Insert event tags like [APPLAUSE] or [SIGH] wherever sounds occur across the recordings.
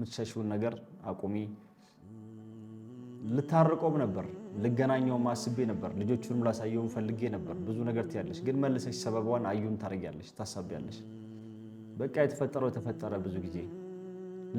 የምትሸሽውን ነገር አቁሚ። ልታርቆም ነበር ልገናኘውም አስቤ ነበር ልጆቹንም ላሳየውም ፈልጌ ነበር። ብዙ ነገር ትያለሽ፣ ግን መልሰሽ ሰበቧን አዩን ታደርጊያለሽ፣ ታሳቢያለሽ። በቃ የተፈጠረው የተፈጠረ። ብዙ ጊዜ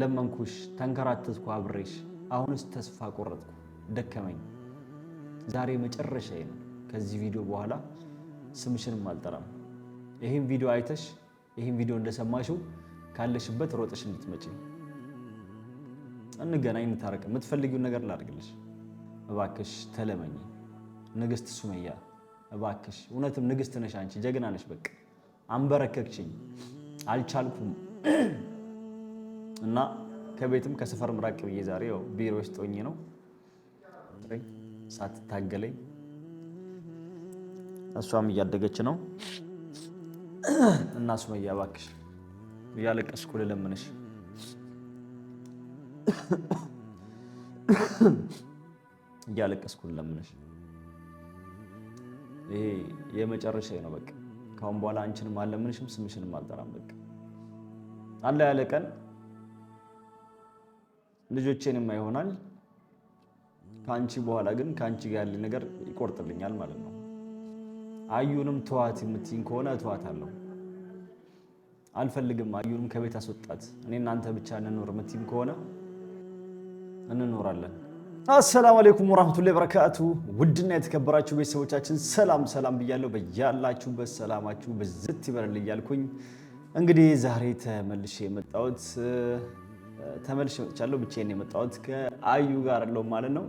ለመንኩሽ፣ ተንከራተትኩ አብሬሽ። አሁንስ ተስፋ ቆረጥኩ፣ ደከመኝ። ዛሬ መጨረሻ ነው። ከዚህ ቪዲዮ በኋላ ስምሽንም አልጠራም። ይህም ቪዲዮ አይተሽ ይህም ቪዲዮ እንደሰማሽው ካለሽበት ሮጠሽ እንድትመጪ እንገናኝ፣ እንታረቅ፣ የምትፈልጊውን ነገር ላድርግልሽ፣ እባክሽ ተለመኝ። ንግስት ሱመያ እባክሽ፣ እውነትም ንግስት ነሽ አንቺ፣ ጀግና ነሽ። በቃ አንበረከክሽኝ፣ አልቻልኩም እና ከቤትም ከሰፈር ምራቅ ብዬ ዛሬ ያው ቢሮ ውስጥ ሆኜ ነው ሳትታገለኝ። እሷም እያደገች ነው እና ሱመያ እባክሽ እያለቀስኩ ልለምንሽ [COUGHS] እያለቀስኩን ለምነሽ ይሄ የመጨረሻ ነው። በቃ ካሁን በኋላ አንቺንም አለምንሽም ስምሽንም አልጠራም። በቃ አለ ያለ ቀን ልጆቼንም ይሆናል። ከአንቺ በኋላ ግን ከአንቺ ጋር ያለ ነገር ይቆርጥልኛል ማለት ነው። አዩንም ተዋት የምትይኝ ከሆነ ተዋት አለው። አልፈልግም አዩንም ከቤት አስወጣት፣ እኔ እናንተ ብቻ እንኖር የምትይኝ ከሆነ እንኖራለን። አሰላሙ አሌይኩም ወራህመቱላሂ በረካቱ። ውድና የተከበራችሁ ቤተሰቦቻችን ሰላም ሰላም ብያለሁ። በያላችሁበት ሰላማችሁ ብዝት ይበላል እያልኩኝ እንግዲህ ዛሬ ተመልሼ የመጣሁት ተመልሼ መጥቻለሁ። ብቻዬን የመጣሁት ከአዩ ጋር አለው ማለት ነው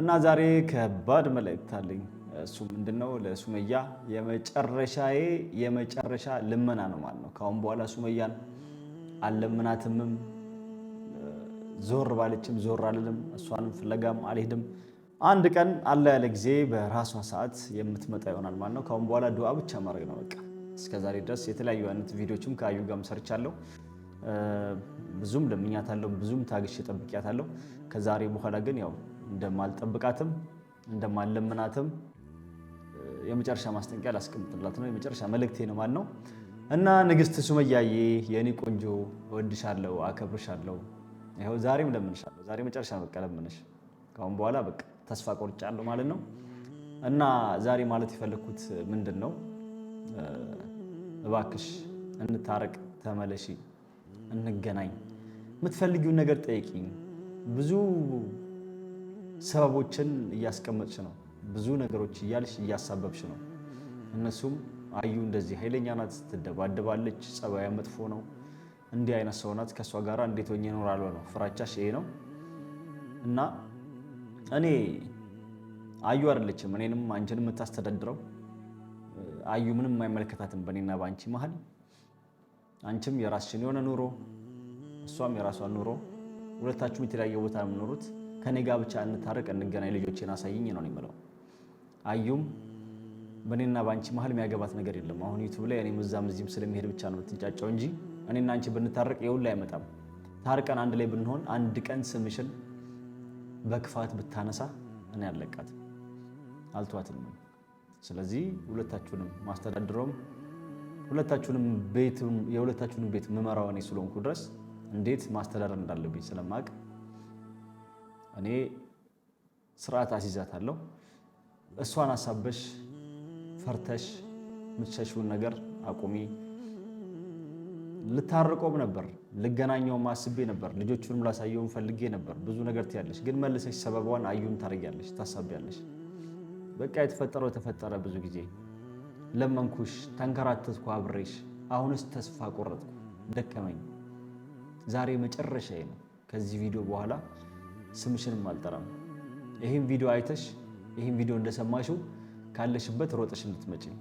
እና ዛሬ ከባድ መልእክት አለኝ። እሱ ምንድን ነው? ለሱመያ የመጨረሻዬ የመጨረሻ ልመና ነው ማለት ነው። ከአሁን በኋላ ሱመያን አለምናትምም ዞር ባለችም ዞር አልልም፣ እሷንም ፍለጋም አልሄድም። አንድ ቀን አለ ያለ ጊዜ በራሷ ሰዓት የምትመጣ ይሆናል ማለት ነው። ካሁን በኋላ ዱዓ ብቻ ማድረግ ነው በቃ። ዛሬ ድረስ የተለያዩ አይነት ቪዲዮችም ከአዩ ጋርም ሰርቻለሁ። ብዙም ለምኛታለሁ፣ ብዙም ታግሼ ጠብቂያታለሁ። ከዛሬ በኋላ ግን ያው እንደማልጠብቃትም እንደማልለምናትም የመጨረሻ ማስጠንቀቂያ ላስቀምጥላት ነው። የመጨረሻ መልእክቴ ነው ማለት ነው። እና ንግስት ሱመያዬ የእኔ ቆንጆ እወድሻለሁ፣ አከብርሻለሁ ይኸው ዛሬም ለምንሻለሁ። ዛሬ መጨረሻ በቃ ለምንሽ። ካሁን በኋላ በቃ ተስፋ ቆርጫለሁ ማለት ነው። እና ዛሬ ማለት የፈለግኩት ምንድን ነው፣ እባክሽ እንታረቅ፣ ተመለሺ፣ እንገናኝ፣ የምትፈልጊውን ነገር ጠይቂ። ብዙ ሰበቦችን እያስቀመጥሽ ነው፣ ብዙ ነገሮች እያልሽ እያሳበብሽ ነው። እነሱም አዩ እንደዚህ ኃይለኛ ናት፣ ትደባደባለች፣ ጸባያ መጥፎ ነው እንዲህ አይነት ሰው ናት፣ ከእሷ ጋር እንዴት ሆኜ እኖራለሁ ነው ፍራቻሽ፣ ይሄ ነው እና እኔ አዩ አይደለችም እኔንም አንቺን የምታስተዳድረው አዩ ምንም አይመለከታትም በእኔና በአንቺ መሀል። አንቺም የራስሽን የሆነ ኑሮ፣ እሷም የራሷን ኑሮ፣ ሁለታችሁም የተለያየ ቦታ የምኖሩት ከኔ ጋር ብቻ እንታረቅ፣ እንገናኝ፣ ልጆቼን አሳይኝ ነው የምለው አዩም በእኔና በአንቺ መሀል የሚያገባት ነገር የለም። አሁን ዩቱብ ላይ እኔም እዛም እዚህም ስለሚሄድ ብቻ ነው የምትንጫጫው እንጂ እኔና አንቺ ብንታረቅ የውላ አይመጣም። ታርቀን አንድ ላይ ብንሆን አንድ ቀን ስምሽን በክፋት ብታነሳ እኔ አለቃት አልተዋትም። ስለዚህ ሁለታችሁንም ማስተዳድረውም ሁለታችሁንም ቤት የሁለታችሁንም ቤት ምመራው እኔ ስለሆንኩ ድረስ እንዴት ማስተዳደር እንዳለብኝ ስለማቅ እኔ ስርዓት አስይዛታለሁ። እሷን አሳበሽ ፈርተሽ የምትሸሽውን ነገር አቁሚ። ልታርቆም ነበር፣ ልገናኘውም አስቤ ነበር፣ ልጆቹንም ላሳየውም ፈልጌ ነበር። ብዙ ነገር ትያለሽ፣ ግን መልሰሽ ሰበቧን አዩም ታደርጊያለሽ፣ ታሳቢያለሽ። በቃ የተፈጠረው የተፈጠረ ብዙ ጊዜ ለመንኩሽ፣ ተንከራተትኩ አብሬሽ። አሁንስ ተስፋ ቆረጥኩ፣ ደከመኝ። ዛሬ መጨረሻዬ ነው። ከዚህ ቪዲዮ በኋላ ስምሽንም አልጠራም። ይህም ቪዲዮ አይተሽ ይህም ቪዲዮ እንደሰማሽው ካለሽበት ሮጠሽ እንድትመጪ ነው።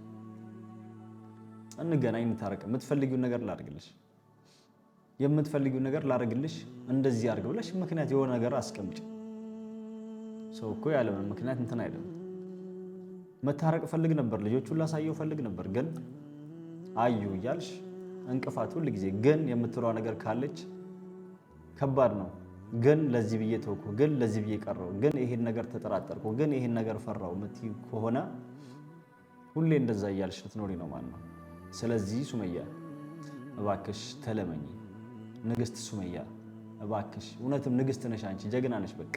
እንገናኝ፣ እንታረቅ፣ የምትፈልጊውን ነገር ላድርግልሽ፣ የምትፈልጊውን ነገር ላድርግልሽ፣ እንደዚህ አድርግ ብለሽ ምክንያት የሆነ ነገር አስቀምጪ። ሰው እኮ ያለ ምክንያት እንትን አይደለም። መታረቅ ፈልግ ነበር፣ ልጆቹን ላሳየው ፈልግ ነበር፣ ግን አዩ እያልሽ እንቅፋት ሁል ጊዜ ግን የምትለዋ ነገር ካለች ከባድ ነው። ግን ለዚህ ብዬ ተውኩ፣ ግን ለዚህ ብዬ ቀረው፣ ግን ይሄን ነገር ተጠራጠርኩ፣ ግን ይሄን ነገር ፈራው ምት ከሆነ ሁሌ እንደዛ እያልሽ ልትኖሪ ነው ማለት ነው። ስለዚህ ሱመያ እባክሽ ተለመኝ። ንግስት ሱመያ እባክሽ፣ እውነትም ንግስት ነሽ አንቺ፣ ጀግና ነሽ። በቃ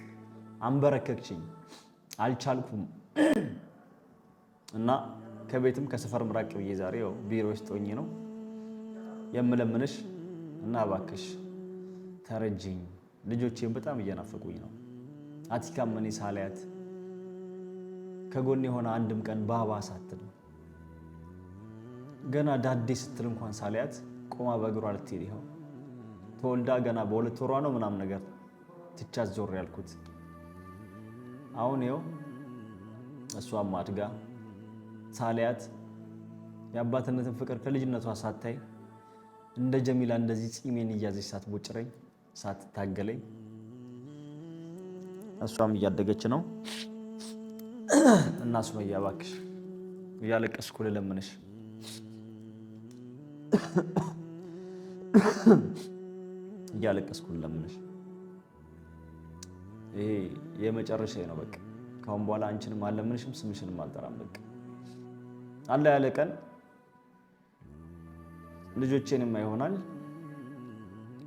አንበረከክችኝ፣ አልቻልኩም እና ከቤትም ከሰፈርም ራቅ ብዬ ዛሬ ያው ቢሮ ውስጥ ሆኜ ነው የምለምንሽ እና እባክሽ ተረጅኝ ልጆቼም በጣም እየናፈቁኝ ነው። አቲካም እኔ ሳላያት ከጎን የሆነ አንድም ቀን ባባ ሳትል ገና ዳዴ ስትል እንኳን ሳላያት ቆማ በእግሯ ልትሄድ ይኸው ተወልዳ ገና በሁለት ወሯ ነው ምናምን ነገር ትቻት ዞር ያልኩት አሁን ይኸው እሷም አድጋ ሳላያት የአባትነትን ፍቅር ከልጅነቷ ሳታይ እንደ ጀሚላ እንደዚህ ፂሜን እያዘች ሳትቦጭረኝ ሳትታገለኝ እሷም እያደገች ነው እና ሱመያ እባክሽ እያለቀስኩ ልለምንሽ እያለቀስኩ ልለምንሽ ይሄ የመጨረሻ ነው። በቃ ካሁን በኋላ አንቺንም አለምንሽም ስምሽንም አልጠራም። በቃ አለ ያለ ቀን ልጆቼንማ ይሆናል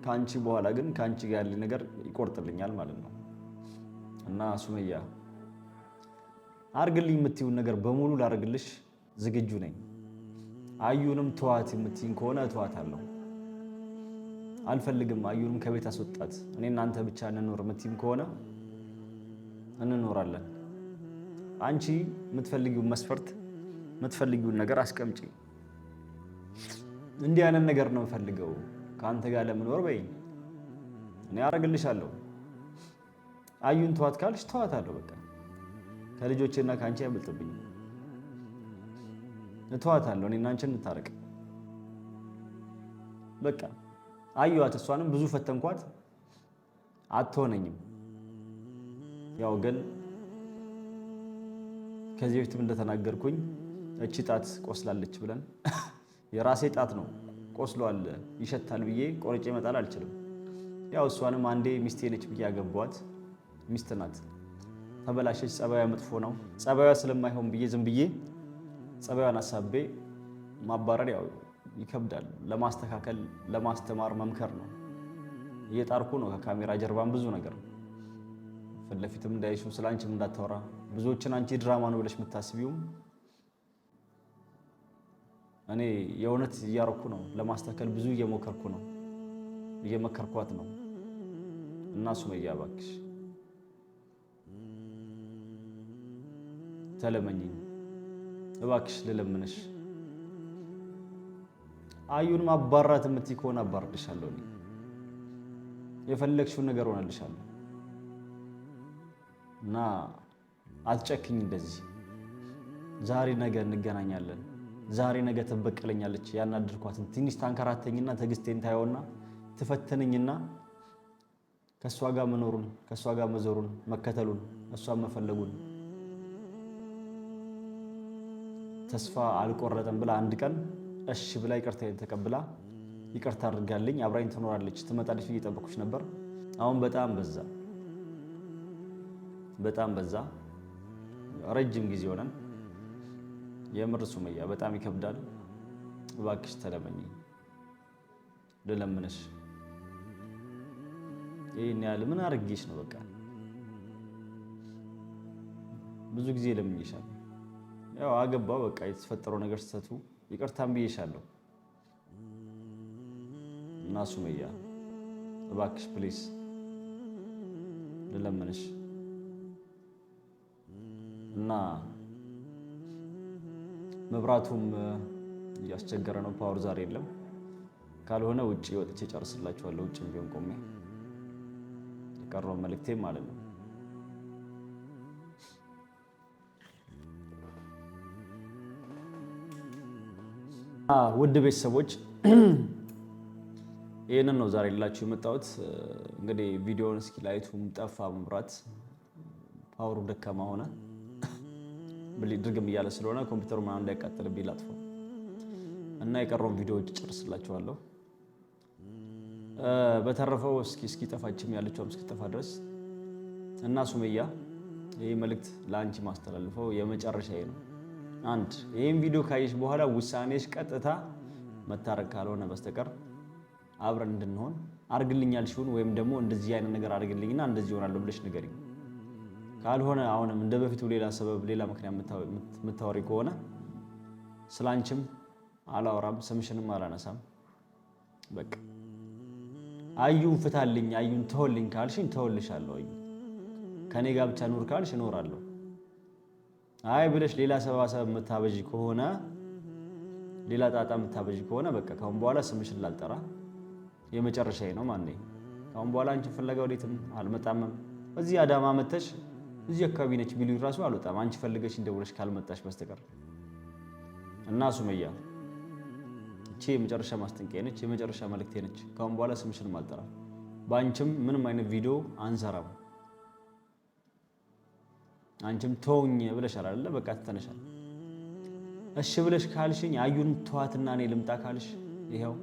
ከአንቺ በኋላ ግን ከአንቺ ጋር ያለ ነገር ይቆርጥልኛል ማለት ነው። እና ሱመያ አርግልኝ የምትይውን ነገር በሙሉ ላርግልሽ ዝግጁ ነኝ። አዩንም ተዋት የምትይኝ ከሆነ ተዋት አለው። አልፈልግም፣ አዩንም ከቤት አስወጣት፣ እኔ እናንተ ብቻ እንኖር የምትይኝ ከሆነ እንኖራለን። አንቺ የምትፈልጊውን መስፈርት የምትፈልጊውን ነገር አስቀምጪ። እንዲህ አይነት ነገር ነው የምፈልገው ከአንተ ጋር ለምኖር በይኝ፣ እኔ አደርግልሻለሁ። አዩን ተዋት ካልሽ ተዋታለሁ። በቃ ከልጆቼና ከአንቺ አይበልጥብኝም፣ እተዋታለሁ። እኔና አንቺን እንታረቅ በቃ አዩዋት። እሷንም ብዙ ፈተንኳት፣ አትሆነኝም። ያው ግን ከዚህ በፊትም እንደተናገርኩኝ እቺ ጣት ቆስላለች ብለን [LAUGHS] የራሴ ጣት ነው ቆስሏል፣ ይሸታል ብዬ ቆርጬ መጣል አልችልም። ያው እሷንም አንዴ ሚስቴ ነች ብዬ ያገቧት ሚስት ናት። ተበላሸች፣ ጸባዩ መጥፎ ነው። ጸባዩ ስለማይሆን ብዬ ዝም ብዬ ጸባዩን አሳቤ ማባረር ያው ይከብዳል። ለማስተካከል ለማስተማር መምከር ነው። እየጣርኩ ነው። ከካሜራ ጀርባን ብዙ ነገር ነው። ፊት ለፊትም ስለ አንቺም እንዳታወራ ብዙዎችን አንቺ ድራማ ነው ብለሽ የምታስቢውም እኔ የእውነት እያረኩ ነው፣ ለማስተካከል ብዙ እየሞከርኩ ነው፣ እየመከርኳት ነው። እና ሱመያ እባክሽ ተለመኝኝ፣ እባክሽ ልለምንሽ። አዩን ማባራት የምትይ ከሆነ አባርድሻለሁ፣ የፈለግሽውን ነገር ሆነልሻለሁ። እና አትጨክኝ እንደዚህ ዛሬ ነገ እንገናኛለን ዛሬ ነገ ትበቀለኛለች። ያናድርኳትን ትንሽ ታንከራተኝና ትዕግስቴን ታየውና ትፈትንኝና ከእሷ ጋር መኖሩን ከእሷ ጋር መዞሩን መከተሉን እሷን መፈለጉን ተስፋ አልቆረጠም ብላ አንድ ቀን እሺ ብላ ይቅርታ ተቀብላ ይቅርታ አድርጋልኝ አብራኝ ትኖራለች ትመጣለች ብዬ እየጠበኩሽ ነበር። አሁን በጣም በዛ በጣም በዛ ረጅም ጊዜ ሆነን የምር ሱመያ በጣም ይከብዳል። እባክሽ ተለመኝ ልለምንሽ። ይህን ያህል ምን አድርጌሽ ነው? በቃ ብዙ ጊዜ ለምኝሻል። ያው አገባው በቃ የተፈጠረው ነገር ስተቱ ይቅርታም ብዬሻለሁ። እና ሱመያ እባክሽ ፕሊስ ልለምንሽ እና መብራቱም እያስቸገረ ነው። ፓወር ዛሬ የለም። ካልሆነ ውጭ ወጥቼ ጨርስላችኋለሁ። ውጭ ቢሆን ቆሜ የቀረውን መልእክቴ ማለት ነው። ውድ ቤተሰቦች ይህንን ነው ዛሬ ሌላቸው የመጣሁት። እንግዲህ ቪዲዮውን እስኪ ላይቱም ጠፋ መብራት ፓወሩ ደካማ ሆነ። ድርግም እያለ ስለሆነ ኮምፒውተሩ ምናምን እንዳይቃጠልብኝ ላጥፎ እና የቀረውን ቪዲዮዎች ጨርስላችኋለሁ። በተረፈው እስኪ እስኪጠፋችም ያለችውም እስኪጠፋ ድረስ እና ሱመያ ይህ መልእክት ለአንቺ ማስተላልፈው የመጨረሻ ነው። አንድ ይህም ቪዲዮ ካየሽ በኋላ ውሳኔሽ ቀጥታ መታረቅ ካልሆነ በስተቀር አብረን እንድንሆን አርግልኛል ሲሆን ወይም ደግሞ እንደዚህ አይነት ነገር አርግልኝና እንደዚህ ይሆናለሁ ብለሽ ንገሪኝ። ካልሆነ አሁንም እንደ በፊቱ ሌላ ሰበብ፣ ሌላ ምክንያት የምታወሪ ከሆነ ስለ አንቺም አላወራም፣ ስምሽንም አላነሳም። በቃ አዩን ፍታልኝ፣ አዩን ተወልኝ ካልሽኝ ተወልሻለሁ። አዩ ከእኔ ጋር ብቻ ኑር ካልሽ እኖራለሁ። አይ ብለሽ ሌላ ሰባሰብ የምታበዥ ከሆነ ሌላ ጣጣ የምታበዥ ከሆነ በቃ ካሁን በኋላ ስምሽን ላልጠራ የመጨረሻዬ ነው። ማነኝ ካሁን በኋላ አንቺን ፍለጋ ወዴትም አልመጣምም። እዚህ አዳማ መተሽ እዚህ አካባቢ ነች ቢሉ ራሱ አልወጣም፣ አንቺ ፈልገች እንደውለሽ ካልመጣሽ በስተቀር እና ሱመያ እቺ የመጨረሻ ማስጠንቀቂያ ነች፣ የመጨረሻ መልእክቴ ነች። ካሁን በኋላ ስምሽንም አልጠራም፣ በአንቺም ምንም አይነት ቪዲዮ አንሰራም። አንቺም ተውኝ ብለሻል አይደለ? በቃ ትተነሻል። እሺ ብለሽ ካልሽኝ አዩን ተዋትና እኔ ልምጣ ካልሽ ይኸው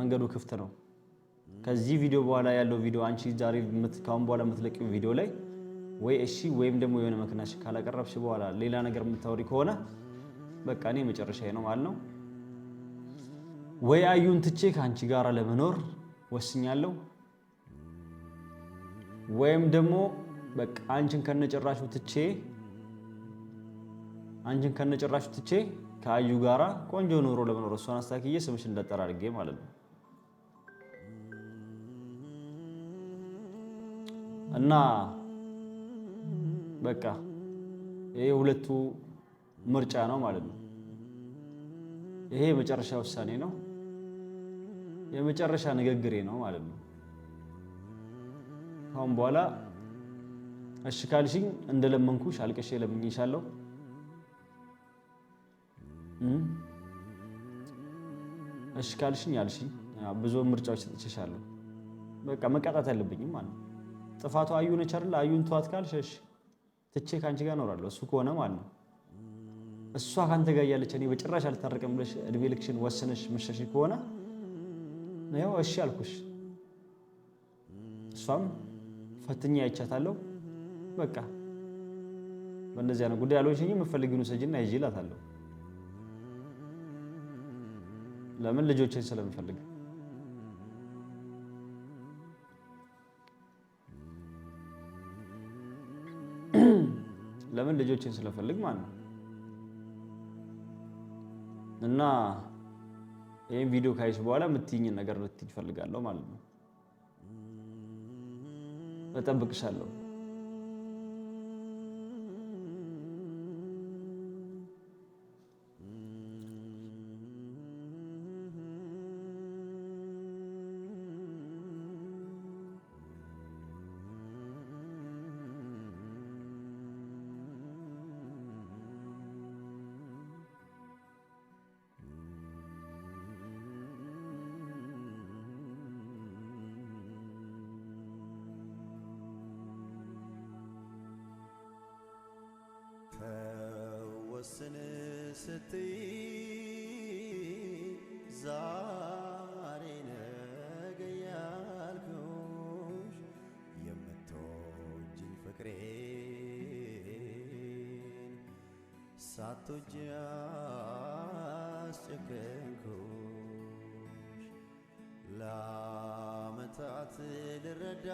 መንገዱ ክፍት ነው። ከዚህ ቪዲዮ በኋላ ያለው ቪዲዮ አንቺ ዛሬ ካሁን በኋላ የምትለቂው ቪዲዮ ላይ ወይ እሺ ወይም ደግሞ የሆነ መክናሽ ካላቀረብሽ በኋላ ሌላ ነገር የምታወሪ ከሆነ በቃ እኔ መጨረሻ ነው ማለት ነው። ወይ አዩን ትቼ ከአንቺ ጋር ለመኖር ወስኛለሁ፣ ወይም ደግሞ በቃ አንቺን ከነጭራሹ ትቼ አንቺን ከነጭራሹ ትቼ ከአዩ ጋራ ቆንጆ ኑሮ ለመኖር እሷን አስታክዬ ስምሽ እንዳጠራ አድርጌ ማለት ነው። እና በቃ ይሄ ሁለቱ ምርጫ ነው ማለት ነው። ይሄ የመጨረሻ ውሳኔ ነው፣ የመጨረሻ ንግግሬ ነው ማለት ነው። ካሁን በኋላ እሺ ካልሽኝ እንደለመንኩሽ አልቅሼ ለምኝሻለሁ። እሺ ካልሽኝ አልሽኝ፣ ብዙ ምርጫዎች ሰጥቼሻለሁ። በቃ መቀጣት ያለብኝም ማለት ነው። ጥፋቱ አዩ ነች አይደል? አዩን ተዋት ካልሽ እሺ ትቼ ከአንቺ ጋር እኖራለሁ እሱ ከሆነ ማለት ነው። እሷ ከአንተ ጋር እያለች እኔ በጭራሽ አልታረቅም ብለሽ እድሜ ልክሽን ወስነሽ መሸሽ ከሆነ ያው እሺ አልኩሽ። እሷም ፈትኛ አይቻታለሁ። በቃ በእነዚያ ነው ጉዳይ አልሆንሽኝ የምፈልጊውን ውሰጂና ይዤ እላታለሁ። ለምን ልጆችን ስለምፈልግ ለምን ልጆችን ስለፈልግ ማለት ነው። እና ይህን ቪዲዮ ካይሽ በኋላ የምትይኝን ነገር ልትይ እፈልጋለሁ ማለት ነው። እጠብቅሻለሁ። ወስን ስትይ ዛሬ ነገ ያልኩሽ የምትወጂኝ ፍቅሬን ሳትወጂ አስጨከንኩሽ ለዓመታት ልረዳ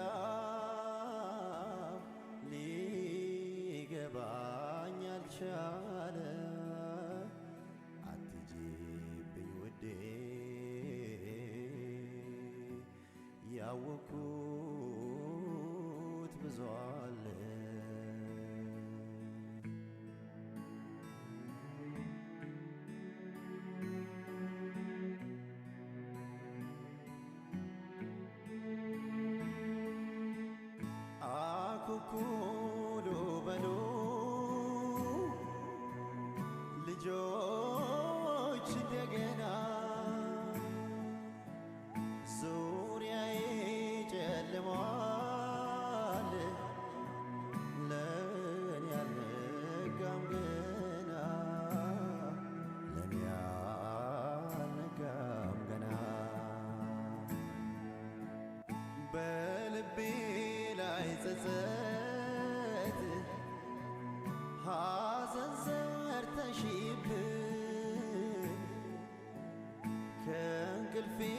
حزته حزن زهر تشيبه كان كل في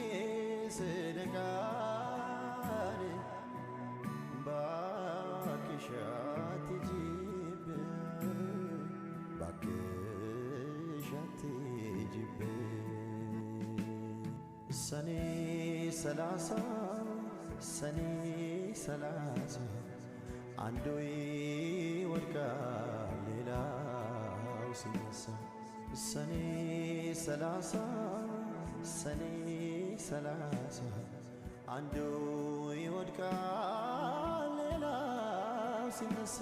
سنقاري باك شات تجيب باك شات تجيب سني سلاسة سني سلاسة አንዱ ይወድቃል ሌላው ሲነሳ ሰኔ ሰላሳ ሰኔ ሰላሳ አንዱ ይወድቃል ሌላው ሲነሳ